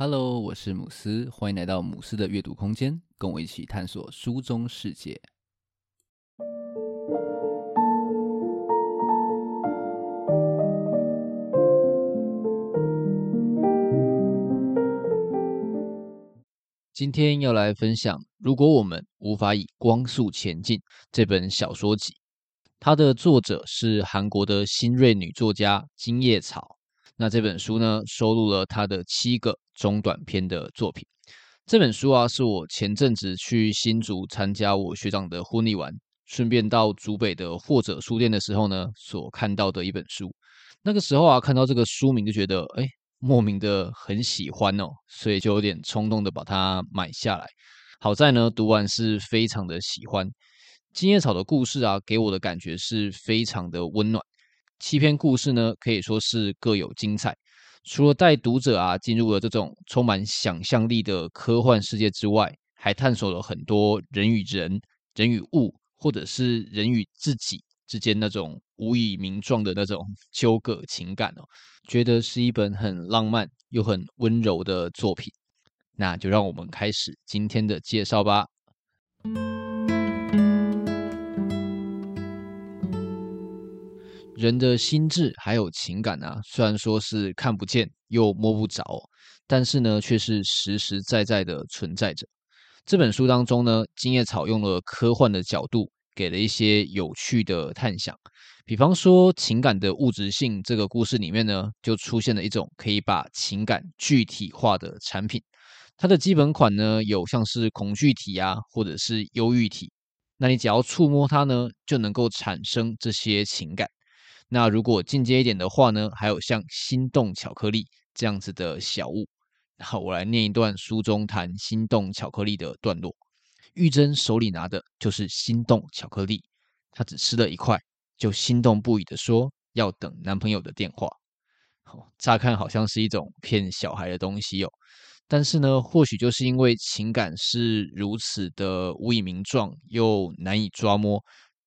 Hello，我是姆斯，歡迎來到姆斯的閱讀空間，跟我一起探索書中世界。今天要來分享《如果我們無法以光速前進》這本小說集，它的作者是韓國的新銳女作家金葉草。那這本書呢，收錄了她的七個。中短篇的作品，這本書啊，是我前陣子去新竹參加我學長的婚禮完，順便到竹北的或者書店的時候呢，所看到的一本書。那個時候啊，看到這個書名就覺得，哎，莫名的很喜歡哦，所以就有點衝動的把它買下來。好在呢，讀完是非常的喜歡。金葉草的故事啊，給我的感覺是非常的溫暖。七篇故事呢，可以說是各有精彩。除了帶讀者啊，進入了這種充滿想象力的科幻世界之外，還探索了很多人與人、人與物，或者是人與自己之間那種無以名狀的那種糾葛情感哦，覺得是一本很浪漫又很溫柔的作品。那就讓我們開始今天的介紹吧。人的心智還有情感啊，雖然說是看不見又摸不着，但是呢，卻是實實在在的存在着。這本書當中呢，《金葉草》用了科幻的角度，給了一些有趣的探想。比方說，情感的物質性，這個故事裡面呢，就出現了一種可以把情感具體化的產品。它的基本款呢，有像是恐懼體啊，或者是憂鬱體。那你只要觸摸它呢，就能夠產生這些情感。那如果進階一點的話呢？還有像心動巧克力這樣子的小物，然後我來念一段書中談心動巧克力的段落。玉珍手裡拿的就是心動巧克力，她只吃了一塊，就心動不已的說要等男朋友的電話。哦，乍看好像是一種騙小孩的東西喲、哦，但是呢，或許就是因為情感是如此的無以名狀又難以捉摸，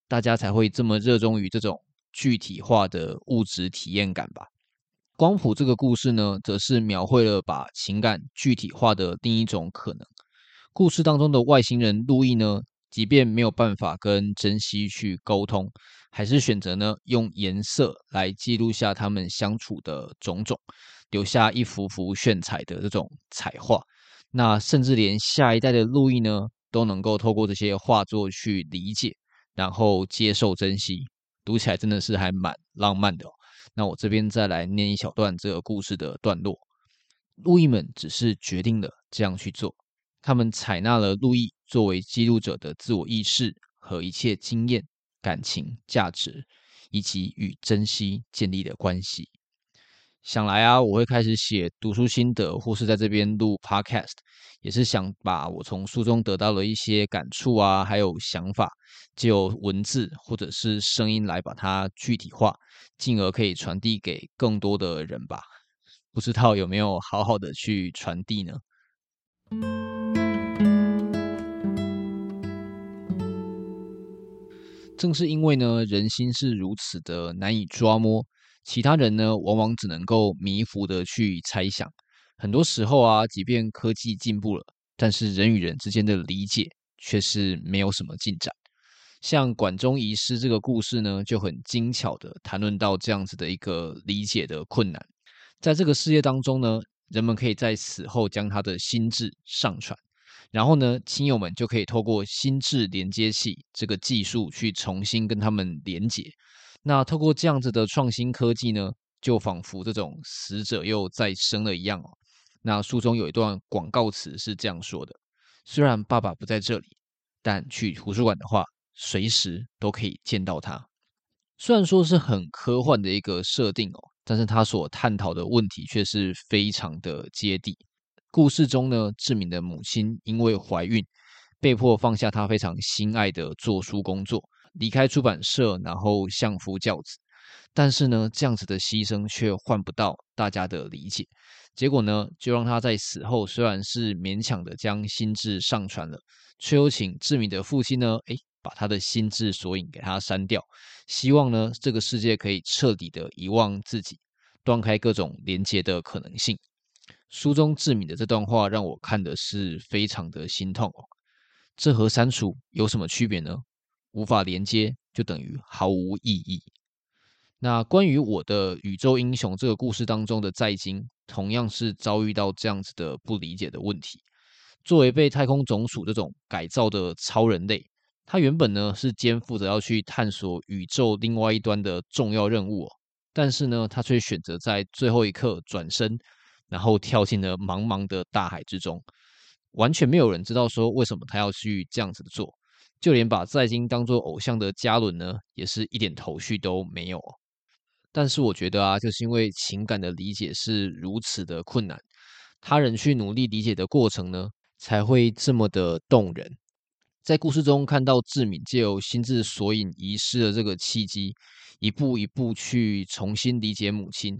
大家才會這麼熱衷於這種。具體化的物質體驗感吧。光譜這個故事呢，則是描繪了把情感具體化的另一種可能。故事當中的外星人路易呢，即便沒有辦法跟珍惜去溝通，還是選擇呢用顏色來記錄下他們相處的種種，留下一幅幅炫彩的這種彩畫。那甚至連下一代的路易呢，都能夠透過這些畫作去理解，然後接受珍惜。讀起來真的是還蠻浪漫的哦。那我這邊再來念一小段這個故事的段落。路易們只是決定了這樣去做，他們採納了路易作為記錄者的自我意識和一切經驗、感情、價值以及與珍惜建立的關係。想來啊，我會開始寫讀書心得，或是在這邊錄 Podcast，也是想把我從書中得到了一些感觸啊，還有想法，藉由文字或者是聲音來把它具體化，進而可以傳遞給更多的人吧。不知道有沒有好好的去傳遞呢？正是因為呢，人心是如此的難以抓摸。其他人呢，往往只能夠迷糊的去猜想。很多時候啊，即便科技進步了，但是人與人之間的理解卻是沒有什麼進展。像館內遺失這個故事呢，就很精巧的談論到這樣子的一個理解的困難。在這個世界當中呢，人們可以在死後將他的心智上傳，然後呢，親友們就可以透過心智連接器這個技術去重新跟他們連接。那透過這樣子的創新科技呢，就仿佛這種死者又再生了一樣哦。那書中有一段廣告詞是這樣說的：雖然爸爸不在這裡，但去圖書館的話，隨時都可以見到他。雖然說是很科幻的一個設定哦，但是他所探討的問題卻是非常的接地。故事中呢，志敏的母親因為懷孕，被迫放下她非常心愛的做書工作。離開出版社，然後相夫教子，但是呢，這樣子的犧牲卻換不到大家的理解。結果呢，就讓他在死後雖然是勉強的將心智上傳了，卻又請志敏的父親呢，哎，把他的心智索引給他刪掉，希望呢，這個世界可以徹底的遺忘自己，斷開各種連接的可能性。書中志敏的這段話讓我看的是非常的心痛。這和刪除有什麼區別呢？無法連接，就等於毫無意義。那關於我的宇宙英雄這個故事當中的在京，同樣是遭遇到這樣子的不理解的問題。作為被太空總署這種改造的超人類，他原本呢是肩負着要去探索宇宙另外一端的重要任務哦，但是呢他卻選擇在最後一刻轉身，然後跳進了茫茫的大海之中，完全沒有人知道說為什麼他要去這樣子的做。就連把在金當做偶像的嘉倫呢，也是一點頭緒都沒有。但是我覺得啊，就是因為情感的理解是如此的困難，他人去努力理解的過程呢，才會這麼的動人。在故事中看到志敏借由心智索引遺失的這個契機，一步一步去重新理解母親，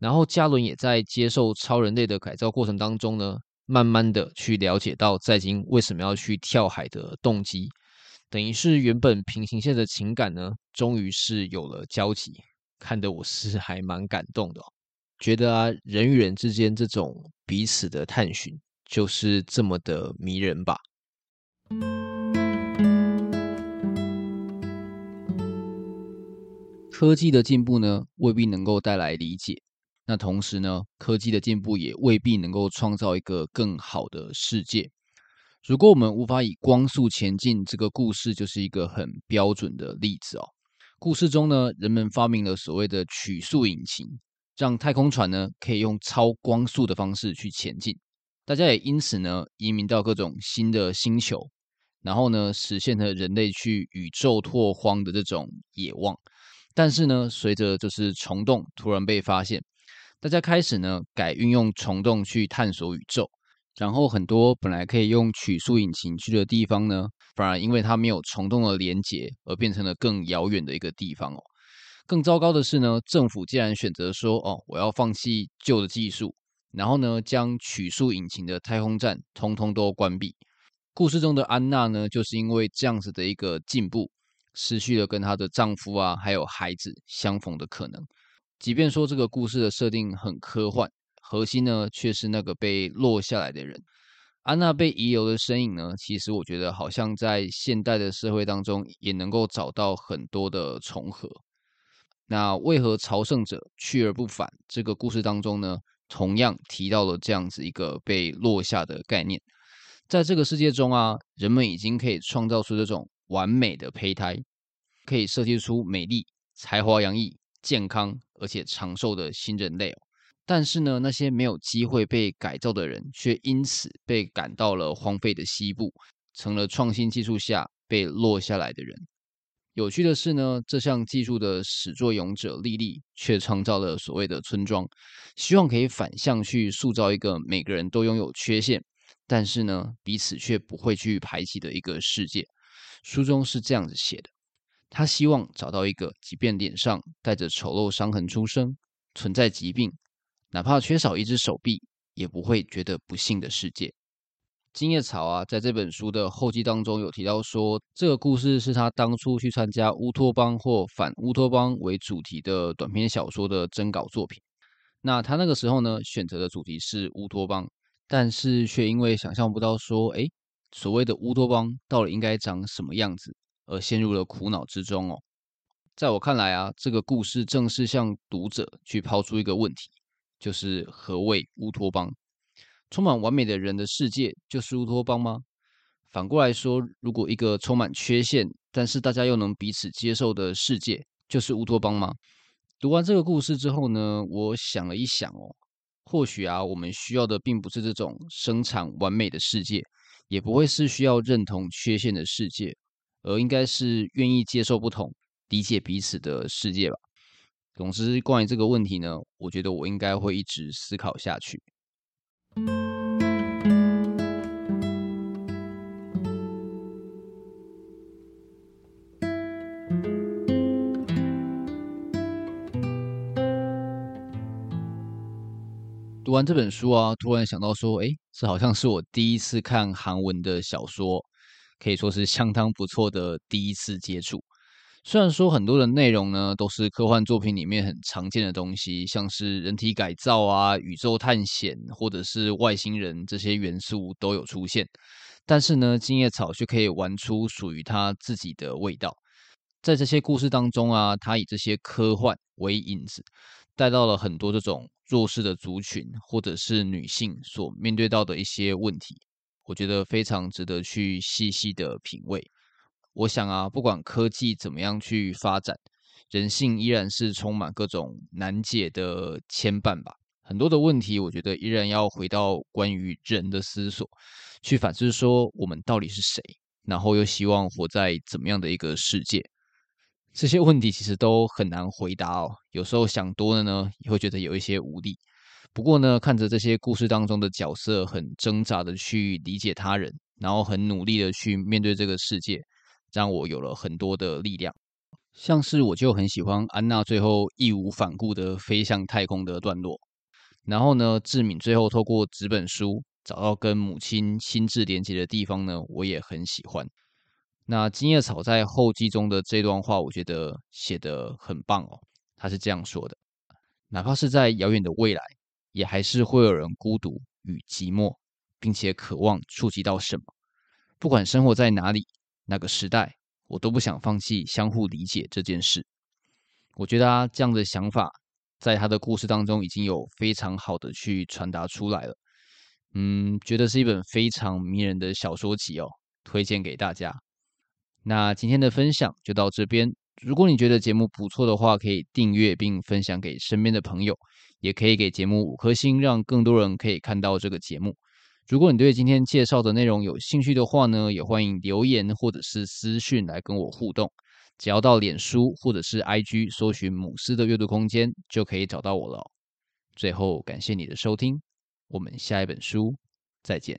然後嘉倫也在接受超人類的改造過程當中呢，慢慢的去了解到在金為什麼要去跳海的動機。等於是原本平行線的情感呢，終於是有了交集，看得我是還蠻感動的哦。覺得啊，人與人之間這種彼此的探尋，就是這麼的迷人吧。科技的進步呢，未必能夠帶來理解，那同時呢，科技的進步也未必能夠創造一個更好的世界。如果我們無法以光速前進，這個故事就是一個很標準的例子哦。故事中呢，人們發明了所謂的曲速引擎，讓太空船呢可以用超光速的方式去前進。大家也因此呢移民到各種新的星球，然後呢實現了人類去宇宙拓荒的這種野望。但是呢，隨着就是蟲洞突然被發現，大家開始呢改運用蟲洞去探索宇宙。然後很多本來可以用曲速引擎去的地方呢，反而因為它沒有蟲洞的連接，而變成了更遙遠的一個地方哦。更糟糕的是呢，政府竟然選擇說哦，我要放棄舊的技術，然後呢，將曲速引擎的太空站通通都關閉。故事中的安娜呢，就是因為這樣子的一個進步，失去了跟她的丈夫啊，還有孩子相逢的可能。即便說這個故事的設定很科幻，核心呢，卻是那個被落下來的人。安娜被遺留的身影呢，其實我覺得好像在現代的社會當中也能夠找到很多的重合。那為何朝聖者去而不返？這個故事當中呢，同樣提到了這樣子一個被落下的概念。在這個世界中啊，人們已經可以創造出這種完美的胚胎，可以設計出美麗、才華洋溢、健康而且長壽的新人類哦。但是呢，那些沒有機會被改造的人，卻因此被趕到了荒廢的西部，成了創新技術下被落下來的人。有趣的是呢，這項技術的始作俑者莉莉卻創造了所謂的“村莊”，希望可以反向去塑造一個每個人都擁有缺陷，但是呢，彼此卻不會去排擠的一個世界。書中是這樣子寫的：他希望找到一個，即便臉上帶着醜陋傷痕出生，存在疾病。哪怕缺少一隻手臂，也不會覺得不幸的世界。金葉草啊，在這本書的後記當中有提到說，這個故事是他當初去參加烏托邦或反烏托邦為主題的短篇小說的徵稿作品。那他那個時候呢，選擇的主題是烏托邦，但是卻因為想象不到說，哎，所謂的烏托邦到底應該長什麼樣子，而陷入了苦惱之中哦。在我看來啊，這個故事正是向讀者去拋出一個問題。就是何謂烏托邦？充滿完美的人的世界就是烏托邦嗎？反過來說，如果一個充滿缺陷，但是大家又能彼此接受的世界，就是烏托邦嗎？讀完這個故事之後呢，我想了一想哦，或許啊，我們需要的並不是這種生產完美的世界，也不會是需要認同缺陷的世界，而應該是願意接受不同、理解彼此的世界吧。總之，關於這個問題呢，我覺得我應該會一直思考下去。讀完這本書啊，突然想到說，欸，這好像是我第一次看韓文的小說，可以說是相當不錯的第一次接觸。雖然說很多的內容呢，都是科幻作品裡面很常見的東西，像是人體改造啊，宇宙探險或者是外星人這些元素都有出現，但是呢，金葉草卻可以玩出屬於他自己的味道。在這些故事當中啊，他以這些科幻為影子，帶到了很多這種弱勢的族群或者是女性所面對到的一些問題，我覺得非常值得去細細的品味。我想啊，不管科技怎麼樣去發展，人性依然是充滿各種難解的牽絆吧。很多的問題，我覺得依然要回到關於人的思索，去反思說我們到底是誰，然後又希望活在怎麼樣的一個世界？這些問題其實都很難回答哦。有時候想多了呢，也會覺得有一些無力。不過呢，看着這些故事當中的角色，很掙扎的去理解他人，然後很努力的去面對這個世界。讓我有了很多的力量，像是我就很喜歡安娜最後義無反顧的飛向太空的段落，然後呢，志敏最後透過紙本書找到跟母親心智連接的地方呢，我也很喜歡。那金葉草在後記中的這段話，我覺得寫得很棒哦。他是這樣說的，哪怕是在遙遠的未來，也還是會有人孤獨與寂寞，並且渴望觸及到什麼，不管生活在哪裡。那個時代，我都不想放棄相互理解這件事。我覺得他、啊、這樣的想法，在他的故事當中已經有非常好的去傳達出來了。嗯，覺得是一本非常迷人的小說集哦，推薦給大家。那今天的分享就到這邊。如果你覺得節目不錯的話，可以訂閱並分享給身邊的朋友，也可以給節目五顆星，讓更多人可以看到這個節目。如果你對今天介紹的內容有興趣的話呢，也歡迎留言或者是私訊來跟我互動。只要到臉書或者是 IG 搜尋“姆斯的閱讀空間”，就可以找到我了。最後，感謝你的收聽，我們下一本書再見。